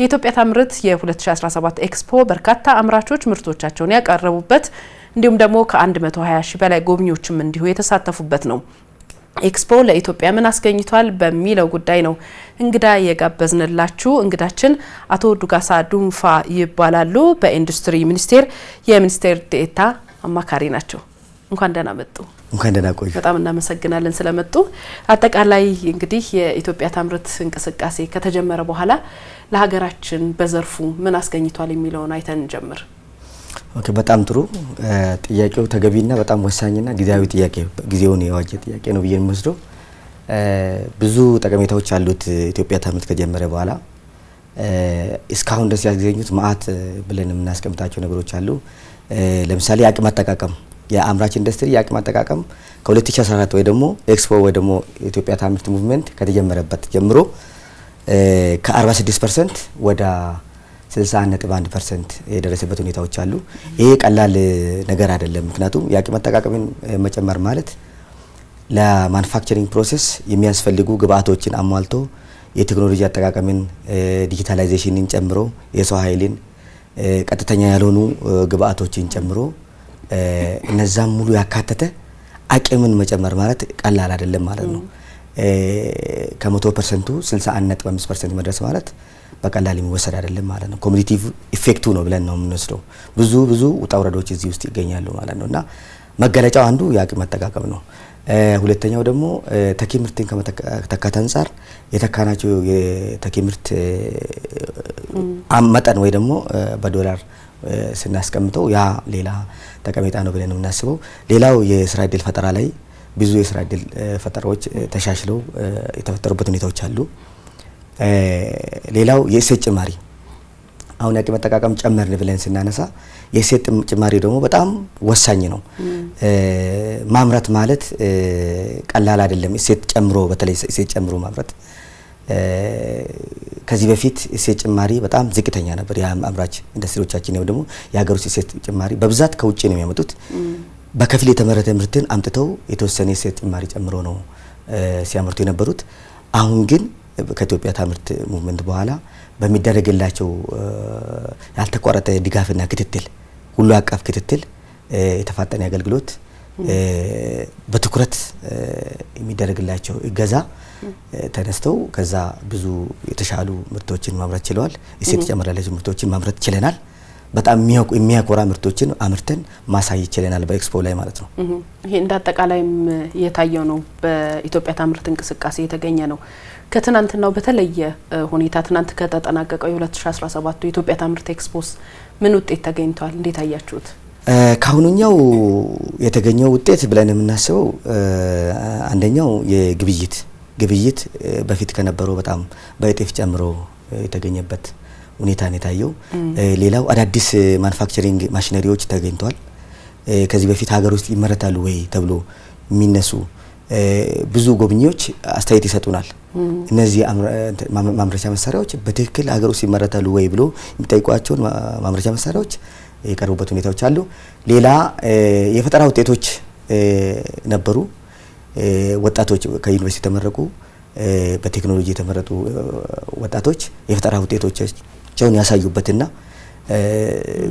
የኢትዮጵያ ታምርት የ2017 ኤክስፖ በርካታ አምራቾች ምርቶቻቸውን ያቀረቡበት እንዲሁም ደግሞ ከ120 ሺህ በላይ ጎብኚዎችም እንዲሁ የተሳተፉበት ነው። ኤክስፖ ለኢትዮጵያ ምን አስገኝቷል በሚለው ጉዳይ ነው እንግዳ የጋበዝንላችሁ። እንግዳችን አቶ ዱጋሳ ዱንፋ ይባላሉ። በኢንዱስትሪ ሚኒስቴር የሚኒስቴር ዴኤታ አማካሪ ናቸው። እንኳን ደህና መጡ። እንኳን ደህና ቆዩ። በጣም እናመሰግናለን ስለመጡ። አጠቃላይ እንግዲህ የኢትዮጵያ ታምርት እንቅስቃሴ ከተጀመረ በኋላ ለሀገራችን በዘርፉ ምን አስገኝቷል የሚለውን አይተን እንጀምር። ኦኬ፣ በጣም ጥሩ ጥያቄው ተገቢና በጣም ወሳኝና ጊዜያዊ ጥያቄ ጊዜውን የዋጀ ጥያቄ ነው ብዬ የሚወስደው ብዙ ጠቀሜታዎች አሉት። ኢትዮጵያ ታምርት ከጀመረ በኋላ እስካሁን ድረስ ያስገኙት መዓት ብለን የምናስቀምጣቸው ነገሮች አሉ። ለምሳሌ አቅም አጠቃቀም የአምራች ኢንዱስትሪ የአቅም አጠቃቀም ከ2014 ወይ ደግሞ ኤክስፖ ወይ ደግሞ ኢትዮጵያ ታምርት ሙቭመንት ከተጀመረበት ጀምሮ ከ46 ፐርሰንት ወደ 61.1 ፐርሰንት የደረሰበት ሁኔታዎች አሉ። ይሄ ቀላል ነገር አይደለም። ምክንያቱም የአቅም አጠቃቀምን መጨመር ማለት ለማኑፋክቸሪንግ ፕሮሴስ የሚያስፈልጉ ግብአቶችን አሟልቶ የቴክኖሎጂ አጠቃቀምን ዲጂታላይዜሽንን ጨምሮ የሰው ኃይልን ቀጥተኛ ያልሆኑ ግብአቶችን ጨምሮ እነዛም ሙሉ ያካተተ አቅምን መጨመር ማለት ቀላል አይደለም ማለት ነው። ከመቶ ፐርሰንቱ 61 ነጥብ 5 ፐርሰንት መድረስ ማለት በቀላል የሚወሰድ አይደለም ማለት ነው። ኮሚኒቲቭ ኢፌክቱ ነው ብለን ነው የምንወስደው። ብዙ ብዙ ውጣ ውረዶች እዚህ ውስጥ ይገኛሉ ማለት ነው እና መገለጫው አንዱ የአቅም መጠቃቀም ነው። ሁለተኛው ደግሞ ተኪ ምርትን ከተካት አንጻር የተካናቸው የተኪ ምርት መጠን ወይ ደግሞ በዶላር ስናስቀምጠው ያ ሌላ ጠቀሜታ ነው ብለን የምናስበው። ሌላው የስራ እድል ፈጠራ ላይ ብዙ የስራ እድል ፈጠራዎች ተሻሽለው የተፈጠሩበት ሁኔታዎች አሉ። ሌላው የእሴት ጭማሪ አሁን ያቅም አጠቃቀም ጨመርን ብለን ስናነሳ የእሴት ጭማሪ ደግሞ በጣም ወሳኝ ነው። ማምረት ማለት ቀላል አይደለም። እሴት ጨምሮ በተለይ እሴት ጨምሮ ማምረት ከዚህ በፊት እሴት ጭማሪ በጣም ዝቅተኛ ነበር። የአምራች ኢንዱስትሪዎቻችን ወይም ደግሞ የሀገር ውስጥ እሴት ጭማሪ በብዛት ከውጭ ነው የሚያመጡት። በከፊል የተመረተ ምርትን አምጥተው የተወሰነ እሴት ጭማሪ ጨምሮ ነው ሲያመርቱ የነበሩት። አሁን ግን ከኢትዮጵያ ታምርት ሙቭመንት በኋላ በሚደረግላቸው ያልተቋረጠ ድጋፍና ክትትል ሁሉ አቀፍ ክትትል የተፋጠነ አገልግሎት በትኩረት የሚደረግላቸው እገዛ ተነስተው ከዛ ብዙ የተሻሉ ምርቶችን ማምረት ችለዋል። እሴት ተጨምራለች ምርቶችን ማምረት ችለናል። በጣም የሚያኮራ ምርቶችን አምርተን ማሳየት ችለናል በኤክስፖ ላይ ማለት ነው። ይሄ እንደ አጠቃላይም የታየው ነው፣ በኢትዮጵያ ታምርት እንቅስቃሴ የተገኘ ነው። ከትናንትናው በተለየ ሁኔታ ትናንት ከተጠናቀቀው የ2017 የኢትዮጵያ ታምርት ኤክስፖስ ምን ውጤት ተገኝቷል? እንዴት አያችሁት? ከአሁኑኛው የተገኘው ውጤት ብለን የምናስበው አንደኛው የግብይት ግብይት በፊት ከነበረው በጣም በእጥፍ ጨምሮ የተገኘበት ሁኔታ ነው የታየው። ሌላው አዳዲስ ማኑፋክቸሪንግ ማሽነሪዎች ተገኝተዋል። ከዚህ በፊት ሀገር ውስጥ ይመረታሉ ወይ ተብሎ የሚነሱ ብዙ ጎብኚዎች አስተያየት ይሰጡናል። እነዚህ ማምረቻ መሳሪያዎች በትክክል ሀገር ውስጥ ይመረታሉ ወይ ብሎ የሚጠይቋቸውን ማምረቻ መሳሪያዎች የቀረቡበት ሁኔታዎች አሉ። ሌላ የፈጠራ ውጤቶች ነበሩ። ወጣቶች ከዩኒቨርሲቲ የተመረቁ በቴክኖሎጂ የተመረጡ ወጣቶች የፈጠራ ውጤቶቻቸውን ያሳዩበትና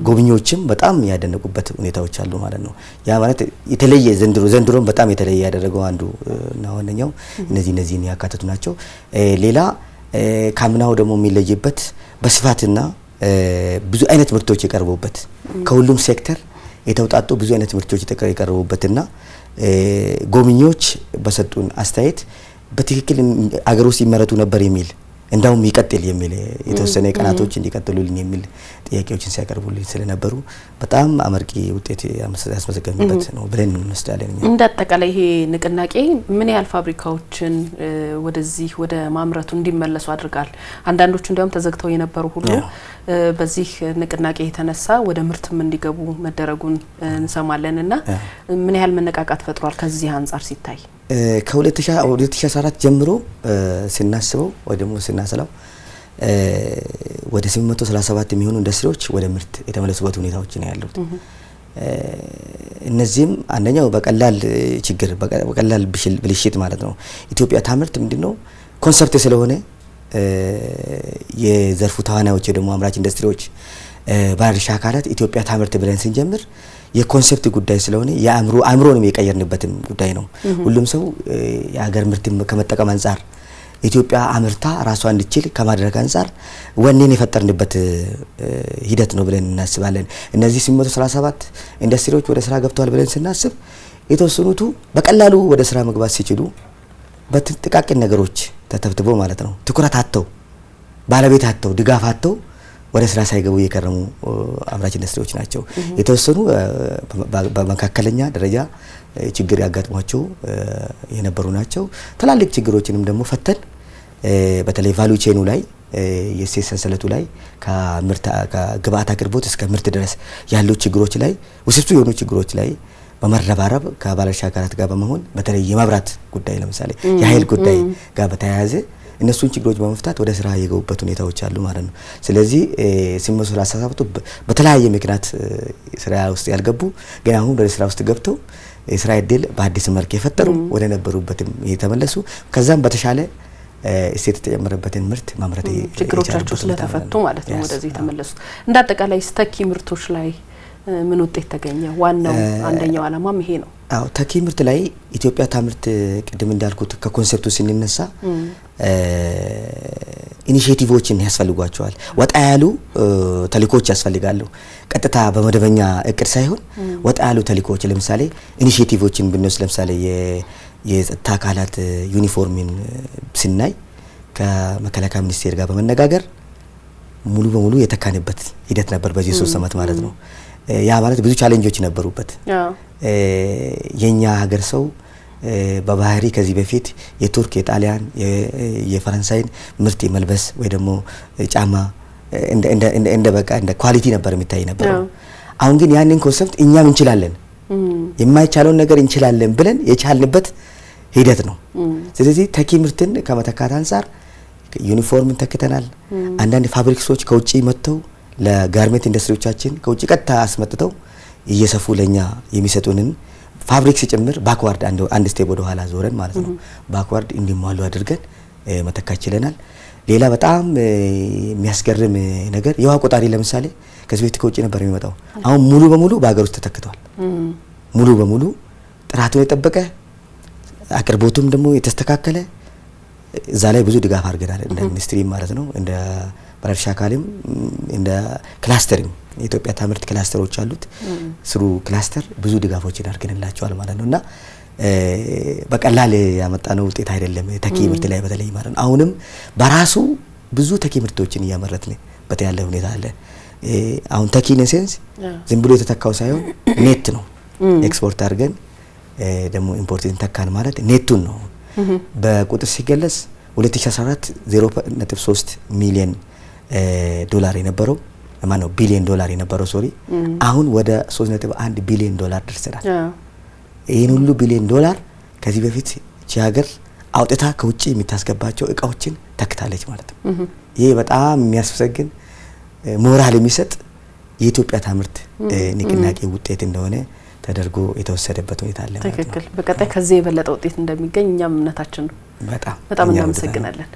ጎብኚዎችም በጣም ያደነቁበት ሁኔታዎች አሉ ማለት ነው። ያ ማለት የተለየ ዘንድሮ ዘንድሮም በጣም የተለየ ያደረገው አንዱ እና ዋነኛው እነዚህ እነዚህን ያካተቱ ናቸው። ሌላ ካምናው ደግሞ የሚለይበት በስፋትና ብዙ አይነት ምርቶች የቀርቡበት ከሁሉም ሴክተር የተውጣጡ ብዙ አይነት ምርቶች የቀረቡበትና ጎብኚዎች በሰጡን አስተያየት በትክክል አገር ውስጥ ይመረቱ ነበር የሚል እንዳውም ይቀጥል የሚል የተወሰነ ቀናቶች እንዲቀጥሉልኝ የሚል ጥያቄዎችን ሲያቀርቡልኝ ስለነበሩ በጣም አመርቂ ውጤት ያስመዘገብንበት ነው ብለን እንወስዳለን። እንደ አጠቃላይ ይሄ ንቅናቄ ምን ያህል ፋብሪካዎችን ወደዚህ ወደ ማምረቱ እንዲመለሱ አድርጋል? አንዳንዶቹ እንዲያውም ተዘግተው የነበሩ ሁሉ በዚህ ንቅናቄ የተነሳ ወደ ምርትም እንዲገቡ መደረጉን እንሰማለን እና ምን ያህል መነቃቃት ፈጥሯል ከዚህ አንጻር ሲታይ ከ2014 ጀምሮ ስናስበው ወይ ደግሞ ስናሰላው ወደ 837 የሚሆኑ ኢንዱስትሪዎች ወደ ምርት የተመለሱበት ሁኔታዎች ነው ያሉት። እነዚህም አንደኛው በቀላል ችግር በቀላል ብልሽት ማለት ነው። ኢትዮጵያ ታምርት ምንድነው ኮንሰፕት ስለሆነ የዘርፉ ተዋናዮች ደግሞ አምራች ኢንዱስትሪዎች ባለድርሻ አካላት ኢትዮጵያ ታምርት ብለን ስንጀምር የኮንሴፕት ጉዳይ ስለሆነ የአእምሮ አእምሮንም የቀየርንበትን ጉዳይ ነው። ሁሉም ሰው የሀገር ምርት ከመጠቀም አንጻር ኢትዮጵያ አምርታ ራሷ እንድችል ከማድረግ አንጻር ወኔን የፈጠርንበት ሂደት ነው ብለን እናስባለን። እነዚህ 837 ኢንዱስትሪዎች ወደ ስራ ገብተዋል ብለን ስናስብ የተወሰኑቱ በቀላሉ ወደ ስራ መግባት ሲችሉ በጥቃቅን ነገሮች ተተብትቦ ማለት ነው ትኩረት አጥተው ባለቤት አጥተው ድጋፍ አጥተው ወደ ስራ ሳይገቡ የከረሙ አምራች ኢንዱስትሪዎች ናቸው። የተወሰኑ በመካከለኛ ደረጃ ችግር ያጋጥሟቸው የነበሩ ናቸው። ትላልቅ ችግሮችንም ደግሞ ፈተን በተለይ ቫሉ ቼኑ ላይ የእሴት ሰንሰለቱ ላይ ከግብአት አቅርቦት እስከ ምርት ድረስ ያሉ ችግሮች ላይ ውስብስብ የሆኑ ችግሮች ላይ በመረባረብ ከባለድርሻ አካላት ጋር በመሆን በተለይ የመብራት ጉዳይ ለምሳሌ የኃይል ጉዳይ ጋር በተያያዘ እነሱን ችግሮች በመፍታት ወደ ስራ የገቡበት ሁኔታዎች አሉ ማለት ነው። ስለዚህ ሲመሶላ አሳሳብቶ በተለያየ ምክንያት ስራ ውስጥ ያልገቡ ግን አሁን ወደ ስራ ውስጥ ገብተው የስራ እድል በአዲስ መልክ የፈጠሩ ወደ ነበሩበትም የተመለሱ ከዛም በተሻለ እሴት የተጨመረበትን ምርት ማምረት ችግሮቻቸው ስለተፈቱ ማለት ነው ወደዚህ የተመለሱት። እንደ አጠቃላይ ስተኪ ምርቶች ላይ ምን ውጤት ተገኘ? ዋናው አንደኛው አላማም ይሄ ነው። አዎ ተኪ ምርት ላይ ኢትዮጵያ ታምርት ቅድም እንዳልኩት ከኮንሴፕቱ ስንነሳ ኢኒሽቲቮችን ያስፈልጓቸዋል። ወጣ ያሉ ተልእኮዎች ያስፈልጋሉ። ቀጥታ በመደበኛ እቅድ ሳይሆን ወጣ ያሉ ተልእኮዎች፣ ለምሳሌ ኢኒሽቲቮችን ብንወስድ ለምሳሌ የጸጥታ አካላት ዩኒፎርምን ስናይ ከመከላከያ ሚኒስቴር ጋር በመነጋገር ሙሉ በሙሉ የተካንበት ሂደት ነበር በዚህ ሶስት ዓመት ማለት ነው። ያ ማለት ብዙ ቻሌንጆች ነበሩበት። የኛ ሀገር ሰው በባህሪ ከዚህ በፊት የቱርክ፣ የጣሊያን፣ የፈረንሳይን ምርት የመልበስ ወይ ደግሞ ጫማ እንደ በቃ እንደ ኳሊቲ ነበር የሚታይ ነበረው። አሁን ግን ያንን ኮንሰፕት እኛም እንችላለን የማይቻለውን ነገር እንችላለን ብለን የቻልንበት ሂደት ነው። ስለዚህ ተኪ ምርትን ከመተካት አንጻር ዩኒፎርምን ተክተናል። አንዳንድ ፋብሪክሶች ከውጭ መጥተው ለጋርሜንት ኢንዱስትሪዎቻችን ከውጭ ቀጥታ አስመጥተው እየሰፉ ለኛ የሚሰጡንን ፋብሪክ ሲጨምር ባክዋርድ አንድ ስቴፕ ወደ ኋላ ዞረን ማለት ነው ባክዋርድ እንዲሟሉ አድርገን መተካት ችለናል። ሌላ በጣም የሚያስገርም ነገር የውሃ ቆጣሪ ለምሳሌ ከዚህ ቤት ከውጭ ነበር የሚመጣው። አሁን ሙሉ በሙሉ በሀገር ውስጥ ተተክቷል። ሙሉ በሙሉ ጥራቱን የጠበቀ አቅርቦቱም ደግሞ የተስተካከለ እዛ ላይ ብዙ ድጋፍ አድርገናል እንደ ሚኒስትሪ ማለት ነው እንደ ባለድርሻ አካልም እንደ ክላስተርም የኢትዮጵያ ትምህርት ክላስተሮች አሉት። ስሩ ክላስተር ብዙ ድጋፎችን አድርገንላቸዋል ማለት ነው እና በቀላል ያመጣነው ውጤት አይደለም። ተኪ ምርት ላይ በተለይ ማለት ነው። አሁንም በራሱ ብዙ ተኪ ምርቶችን እያመረትን በት ያለ ሁኔታ አለ። አሁን ተኪ ሴንስ ዝም ብሎ የተተካው ሳይሆን ኔት ነው። ኤክስፖርት አድርገን ደግሞ ኢምፖርትን ተካን ማለት ኔቱን ነው። በቁጥር ሲገለጽ 2014 0.3 ሚሊዮን ዶላር የነበረው ማን ነው ቢሊዮን ዶላር የነበረው ሶሪ አሁን ወደ 3.1 ቢሊዮን ዶላር ደርሰናል። ይህን ሁሉ ቢሊዮን ዶላር ከዚህ በፊት ይቺ ሀገር አውጥታ ከውጭ የሚታስገባቸው እቃዎችን ተክታለች ማለት ነው። ይህ በጣም የሚያስመሰግን ሞራል የሚሰጥ የኢትዮጵያ ታምርት ንቅናቄ ውጤት እንደሆነ ተደርጎ የተወሰደበት ሁኔታ አለ ትክክል። በቀጣይ ከዚህ የበለጠ ውጤት እንደሚገኝ እኛም እምነታችን ነው። በጣም በጣም እናመሰግናለን።